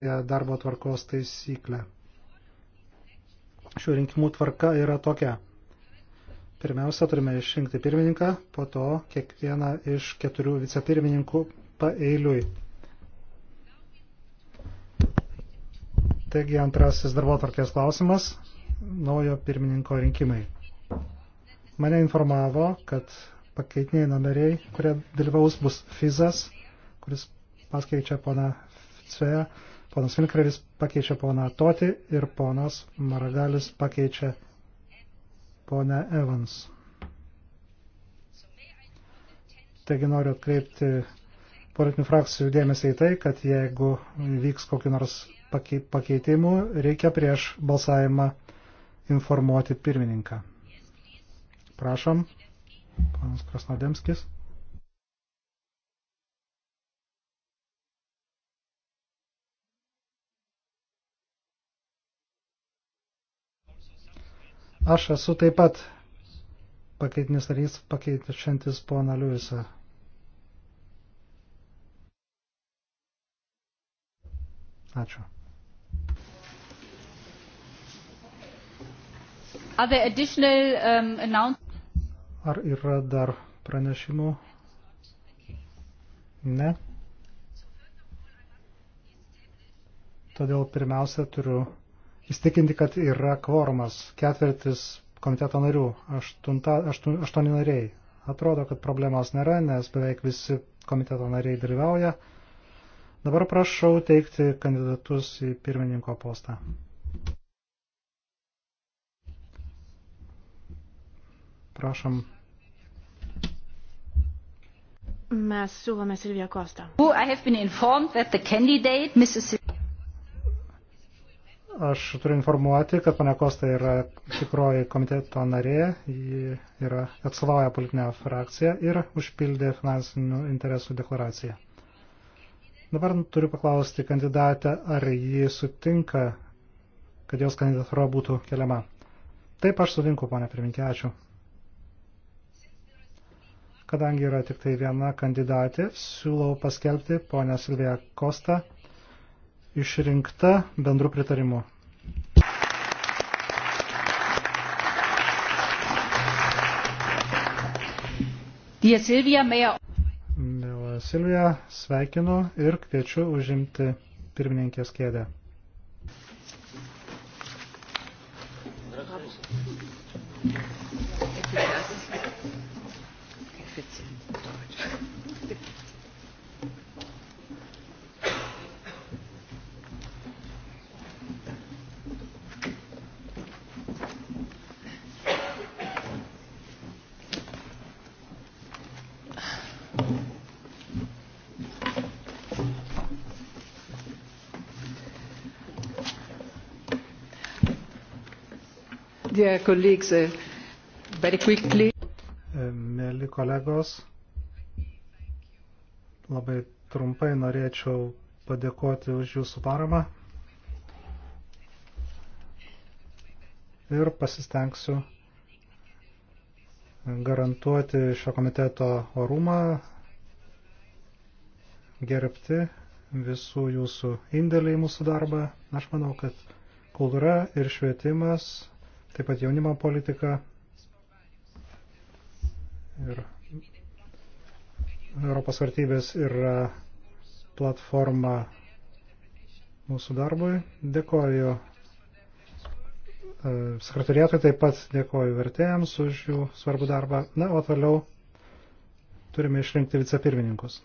darbo tvarkos taisyklę. Šių rinkimų tvarka yra tokia. Pirmiausia, turime išrinkti pirmininką, po to kiekvieną iš keturių vicepirmininkų paeiliui. Taigi antrasis darbo tvarkės klausimas – naujo pirmininko rinkimai. Mane informavo, kad pakeitiniai numeriai, kurie dalyvaus bus Fizas, kuris paskeičia pana Cveja, Ponas Filkrelis pakeičia poną Toti ir ponas Maragalis pakeičia ponę Evans. Taigi noriu atkreipti politinių frakcijų dėmesį į tai, kad jeigu vyks kokiu nors pakeitimu, reikia prieš balsavimą informuoti pirmininką. Prašom, panas Krasnodemskis. Aš esu taip pat pakeitinis narys, pakeitišantis poną Liujusą. Ačiū. Um, Ar yra dar pranešimų? Ne. Todėl pirmiausia turiu įstikinti, kad yra kvormas, ketvirtis komiteto narių, aštunta, aštu, aštuoni nariai. Atrodo, kad problemos nėra, nes beveik visi komiteto nariai dalyvauja. Dabar prašau teikti kandidatus į pirmininko postą. Prašom. Mes siūlome Silviją Kostą. Who I have been informed that the candidate, Mrs aš turiu informuoti, kad pane Kosta yra tikroji komiteto narė, ji yra atstovauja politinę frakciją ir užpildė finansinių interesų deklaraciją. Dabar turiu paklausti kandidatę, ar ji sutinka, kad jos kandidatūra būtų keliama. Taip aš sutinku, pane pirminkė, ačiū. Kadangi yra tik tai viena kandidatė, siūlau paskelbti ponę Silviją Kostą išrinkta bendru pritarimu. Mėla Silvija, sveikinu ir kviečiu užimti pirmininkės kėdę. Gracias. Dear colleagues, uh, very quickly. E, mėly kolegos, labai trumpai norėčiau padėkoti už jūsų paramą ir pasistengsiu garantuoti šio komiteto orumą, gerbti visų jūsų indėlį į mūsų darbą. Aš manau, kad kultūra ir švietimas taip pat jaunimo politika ir Europos vartybės yra e, platforma mūsų darbui. Dėkoju e, sekretariatui, taip pat dėkoju vertėjams už jų svarbų darbą. Na, o toliau turime išrinkti vicepirmininkus.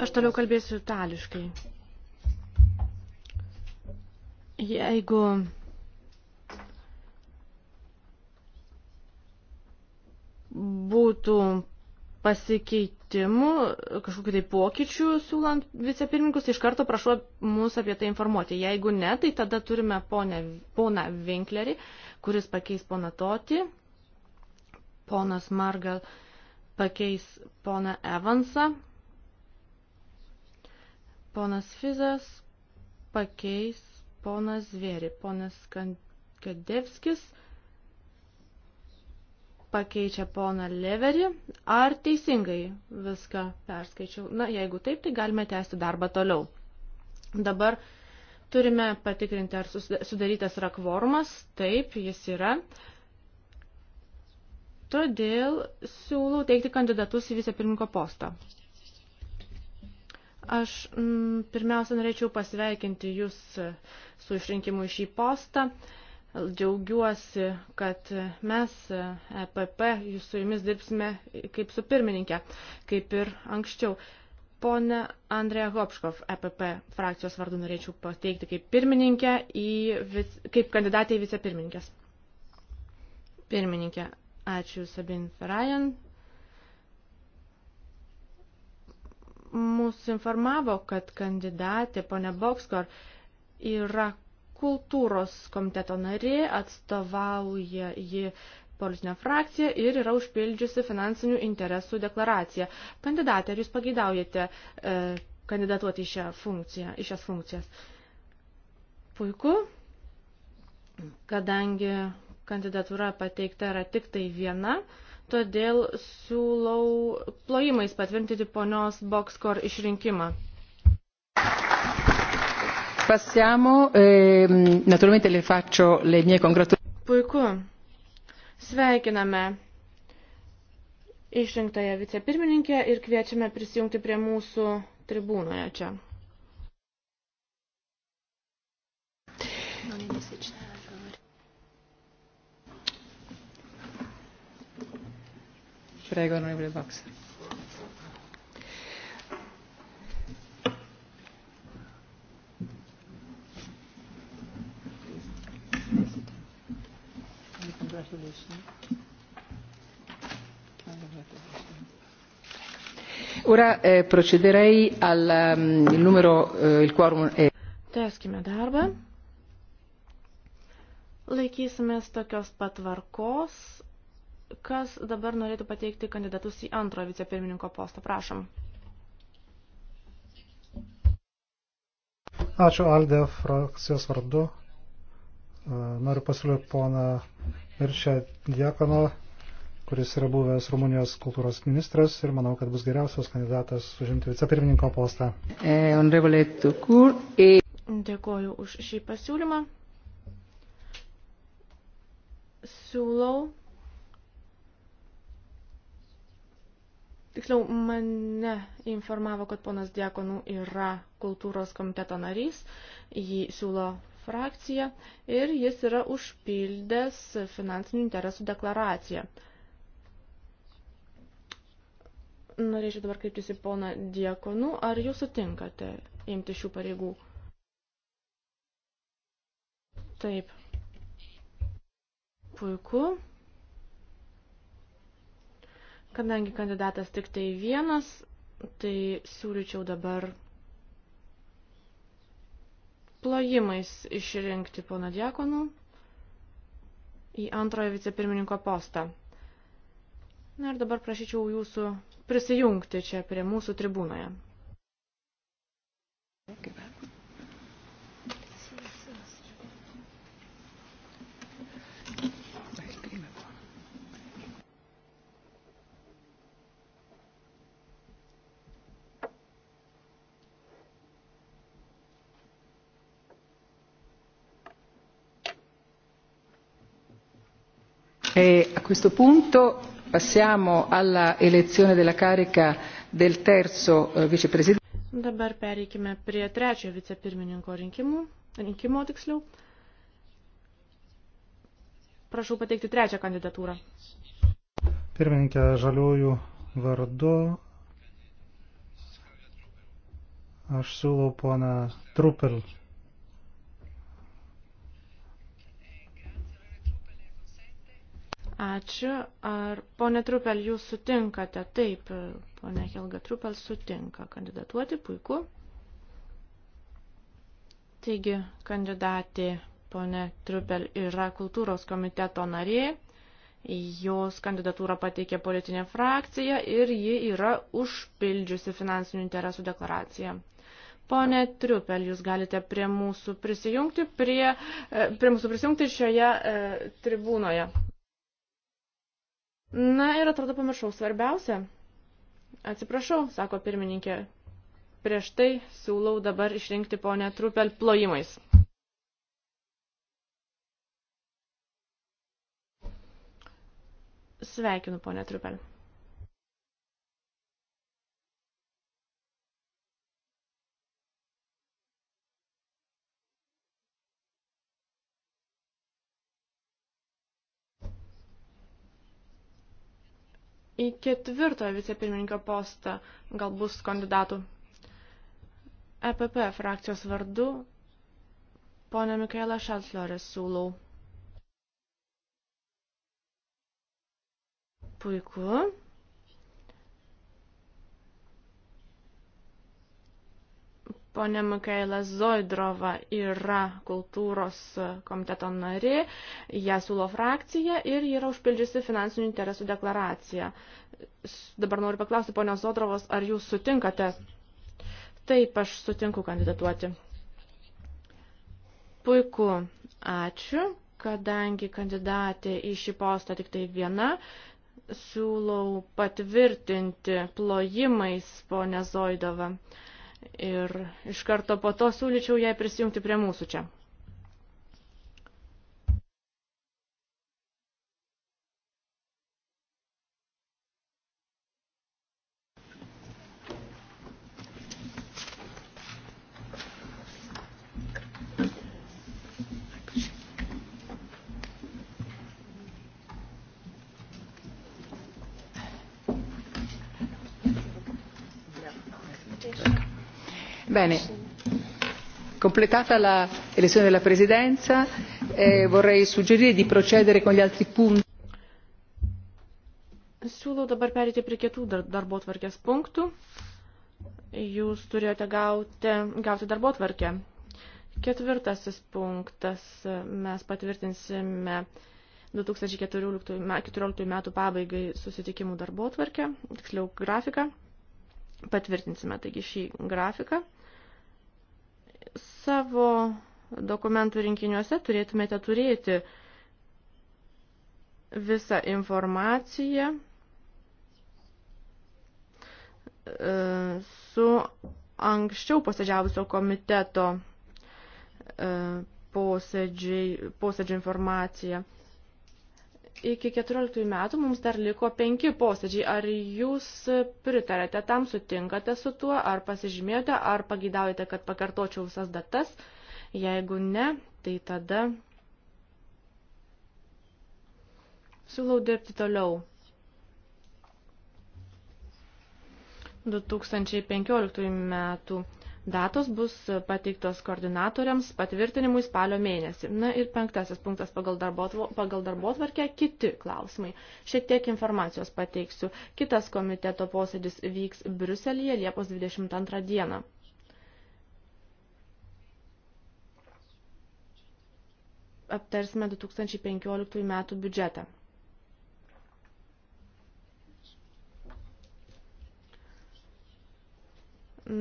Aš toliau kalbėsiu itališkai. Jeigu būtų pasikeitimų, kažkokiu tai pokyčių siūlant vicepirmininkus, tai iš karto prašau mus apie tai informuoti. Jeigu ne, tai tada turime ponę, poną Winklerį, kuris pakeis poną Toti, ponas Margal pakeis poną Evansą, Ponas Fizas pakeis ponas Zvėri. Ponas Kadevskis pakeičia poną Leverį. Ar teisingai viską perskaičiau? Na, jeigu taip, tai galime tęsti darbą toliau. Dabar turime patikrinti, ar sudarytas yra kvormas. Taip, jis yra. Todėl siūlau teikti kandidatus į vicepirmininko postą. Aš m, mm, pirmiausia norėčiau pasveikinti Jūs su išrinkimu į šį postą. Džiaugiuosi, kad mes, EPP, jūs su Jumis dirbsime kaip su pirmininkė, kaip ir anksčiau. Pone Andrėja Hopškov, EPP frakcijos vardu norėčiau pateikti kaip pirmininkę, į, vis, kaip kandidatė į vicepirmininkės. Pirmininkė, ačiū Sabin Ferajan, mus informavo, kad kandidatė ponia Bokskor yra kultūros komiteto narė, atstovauja ji politinę frakciją ir yra užpildžiusi finansinių interesų deklaraciją. Kandidatė, ar jūs pageidaujate e, kandidatuoti į, šią funkciją, į šias funkcijas? Puiku, kadangi kandidatūra pateikta yra tik tai viena, todėl siūlau plojimais patvirtinti ponios Bokskor išrinkimą. Passiamo, eh, naturalmente le faccio le mie congratulazioni. Puiku. Sveikiname išrinktąją vicepirmininkę ir kviečiame prisijungti prie mūsų tribūnoje čia. Prego, onorevole Boxer. Ora eh, procederei al um, numero, eh, il quorum è. Tęskime darbą. Laikysimės tokios patvarkos, Kas dabar norėtų pateikti kandidatus į antro vicepirmininko postą? Prašom. Ačiū Aldė frakcijos vardu. E, noriu pasiūlyti poną Mirčią Diakono, kuris yra buvęs Rumunijos kultūros ministras ir manau, kad bus geriausias kandidatas užimti vicepirmininko postą. E, e- Dėkoju už šį pasiūlymą. Siūlau Tiksliau, mane informavo, kad ponas Diekonų yra kultūros komiteto narys, jį siūlo frakcija ir jis yra užpildęs finansinių interesų deklaraciją. Norėčiau dabar kreiptis į poną Diekonų, ar jūs sutinkate imti šių pareigų? Taip. Puiku. Kadangi kandidatas tik tai vienas, tai siūlyčiau dabar plojimais išrinkti pono Diekonų į antrojo vicepirmininko postą. Na ir dabar prašyčiau jūsų prisijungti čia prie mūsų tribūnoje. Kaip E a questo punto passiamo alla elezione della carica del terzo eh, vicepresidente. Dabar pereikime prie trečiojo vicepirmininko rinkimų, rinkimo tiksliau. Prašau pateikti trečią kandidatūrą. Pirmininkė Žaliųjų vardu. Aš siūlau poną Trupel. Ačiū. Ar ponė Trupel, jūs sutinkate? Taip, ponė Helga Trupel sutinka kandidatuoti, puiku. Taigi, kandidatė ponė Trupel yra kultūros komiteto narė. Jos kandidatūrą pateikė politinė frakcija ir ji yra užpildžiusi finansinių interesų deklaraciją. Pone Triupel, jūs galite prie mūsų prisijungti, prie, e, prie mūsų prisijungti šioje e, tribūnoje. Na ir atrodo pamiršau svarbiausia. Atsiprašau, sako pirmininkė. Prieš tai siūlau dabar išrinkti ponę Trupel plojimais. Sveikinu, ponė Trupel. į ketvirtojo vicepirmininko postą gal bus kandidatų. EPP frakcijos vardu ponę Mikaelą Šatlorę siūlau. Puiku. Pone Mikaela Zoidrova yra kultūros komiteto nari, ją siūlo frakcija ir yra užpildžiusi finansinių interesų deklaraciją. Dabar noriu paklausti ponios Zodrovos, ar jūs sutinkate? Taip, aš sutinku kandidatuoti. Puiku, ačiū, kadangi kandidatė į šį postą tik tai viena, siūlau patvirtinti plojimais ponę Zoidovą ir iš karto po to siūlyčiau jai prisijungti prie mūsų čia. Bene. Completata l'elezione della Presidenza, eh, vorrei suggerire di procedere con gli altri punti. Siūlau dabar perėti prie kitų darbo tvarkės punktų. Jūs turėjote gauti, gauti darbo tvarkę. Ketvirtasis punktas. Mes patvirtinsime 2014 metų pabaigai susitikimų darbo tvarkę, tiksliau grafiką. Patvirtinsime taigi šį grafiką. Savo dokumentų rinkiniuose turėtumėte turėti visą informaciją e, su anksčiau posėdžiavusio komiteto e, posėdžiai, posėdžio informacija iki 14 metų mums dar liko penki posėdžiai. Ar jūs pritarėte tam, sutinkate su tuo, ar pasižymėjote, ar pagidaujate, kad pakartočiau visas datas? Jeigu ne, tai tada siūlau dirbti toliau. 2015 metų Datos bus pateiktos koordinatoriams patvirtinimui spalio mėnesį. Na ir penktasis punktas pagal darbotvarkę – kiti klausimai. Šiek tiek informacijos pateiksiu. Kitas komiteto posėdis vyks Briuselėje Liepos 22 dieną. Aptarsime 2015 metų biudžetą.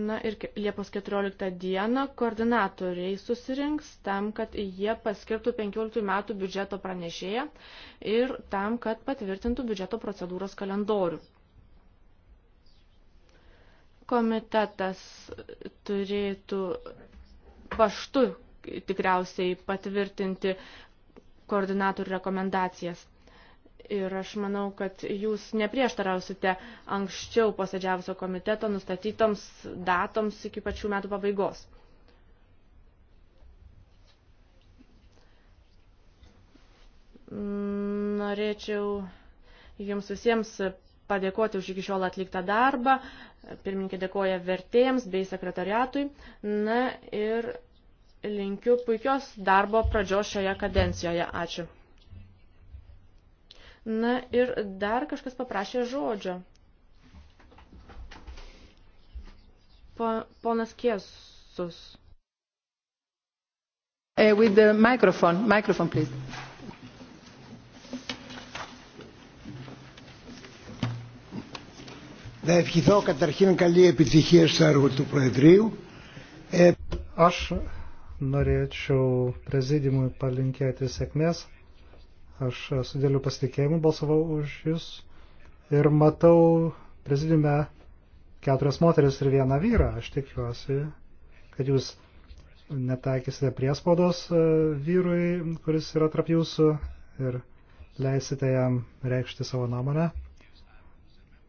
Na ir Liepos 14 dieną koordinatoriai susirinks tam, kad jie paskirtų 15 metų biudžeto pranešėją ir tam, kad patvirtintų biudžeto procedūros kalendorių. Komitetas turėtų paštu tikriausiai patvirtinti koordinatorių rekomendacijas. Ir aš manau, kad jūs neprieštarausite anksčiau posėdžiavusio komiteto nustatytoms datoms iki pačių metų pabaigos. Norėčiau jums visiems padėkoti už iki šiol atliktą darbą. Pirmininkė dėkoja vertėjams bei sekretariatui. Na ir linkiu puikios darbo pradžios šioje kadencijoje. Ačiū. Na ir dar kažkas paprašė žodžio. Po, ponas Kiesus. Uh, with the microphone, microphone please. Να ευχηθώ καταρχήν καλή επιτυχία στο έργο του Προεδρείου. Aš norėčiau prezidimui palinkėti sėkmės. Aš su dėliu pasitikėjimu balsavau už jūs ir matau prezidiume keturias moteris ir vieną vyrą. Aš tikiuosi, kad jūs netaikysite priespaudos e, vyrui, kuris yra tarp jūsų ir leisite jam reikšti savo nuomonę.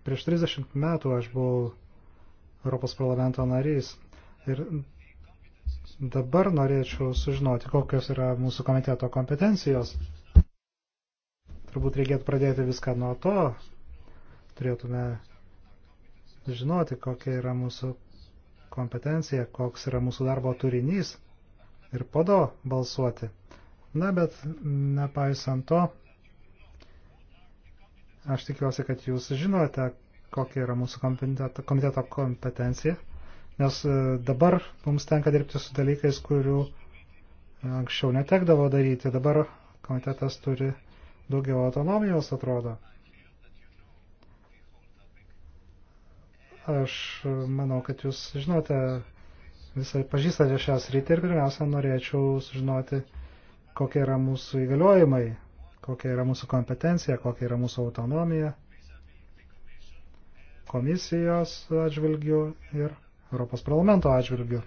Prieš 30 metų aš buvau Europos parlamento narys ir dabar norėčiau sužinoti, kokios yra mūsų komiteto kompetencijos. Turbūt reikėtų pradėti viską nuo to. Turėtume žinoti, kokia yra mūsų kompetencija, koks yra mūsų darbo turinys ir po to balsuoti. Na, bet nepaisant to, aš tikiuosi, kad jūs žinote, kokia yra mūsų komiteto, komiteto kompetencija, nes e, dabar mums tenka dirbti su dalykais, kurių anksčiau netekdavo daryti. Dabar komitetas turi daugiau autonomijos atrodo. Aš manau, kad jūs žinote, visai pažįstate šią sritį ir pirmiausia norėčiau sužinoti, kokie yra mūsų įgaliojimai, kokia yra mūsų kompetencija, kokia yra mūsų autonomija komisijos atžvilgių ir Europos parlamento atžvilgių.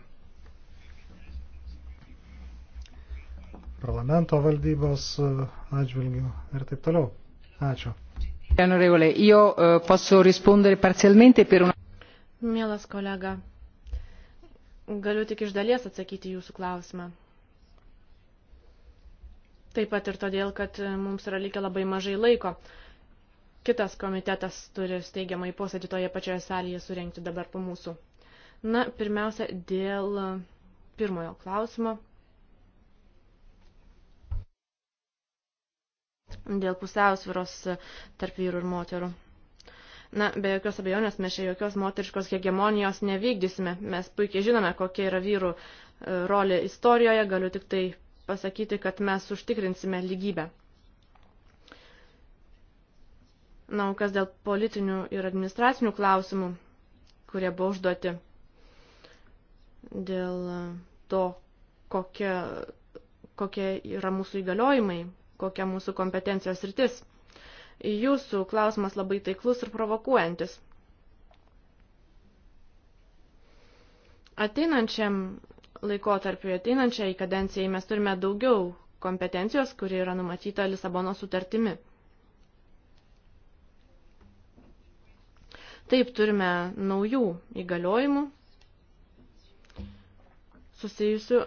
parlamento valdybos e, atžvilgių ir taip toliau. Ačiū. E, Mielas kolega, galiu tik iš dalies atsakyti jūsų klausimą. Taip pat ir todėl, kad mums yra likę labai mažai laiko. Kitas komitetas turi steigiamai posėdį toje pačioje salėje surenkti dabar po mūsų. Na, pirmiausia, dėl pirmojo klausimo. dėl pusiausviros tarp vyrų ir moterų. Na, be jokios abejonės mes čia jokios moteriškos hegemonijos nevykdysime. Mes puikiai žinome, kokia yra vyrų e, rolė istorijoje. Galiu tik tai pasakyti, kad mes užtikrinsime lygybę. Na, o kas dėl politinių ir administracinių klausimų, kurie buvo užduoti dėl to, kokie, kokie yra mūsų įgaliojimai kokia mūsų kompetencijos rytis. Jūsų klausimas labai taiklus ir provokuojantis. Ateinančiam laikotarpiu, ateinančiai kadencijai mes turime daugiau kompetencijos, kuri yra numatyta Lisabono sutartimi. Taip turime naujų įgaliojimų susijusių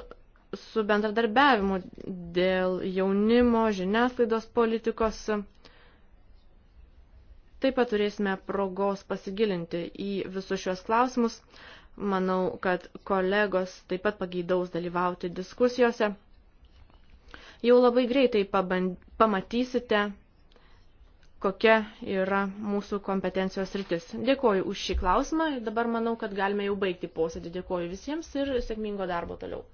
su bendradarbiavimu dėl jaunimo žiniasklaidos politikos. Taip pat turėsime progos pasigilinti į visus šios klausimus. Manau, kad kolegos taip pat pageidaus dalyvauti diskusijose. Jau labai greitai paband... pamatysite, kokia yra mūsų kompetencijos rytis. Dėkoju už šį klausimą ir dabar manau, kad galime jau baigti posėdį. Dėkoju visiems ir sėkmingo darbo toliau.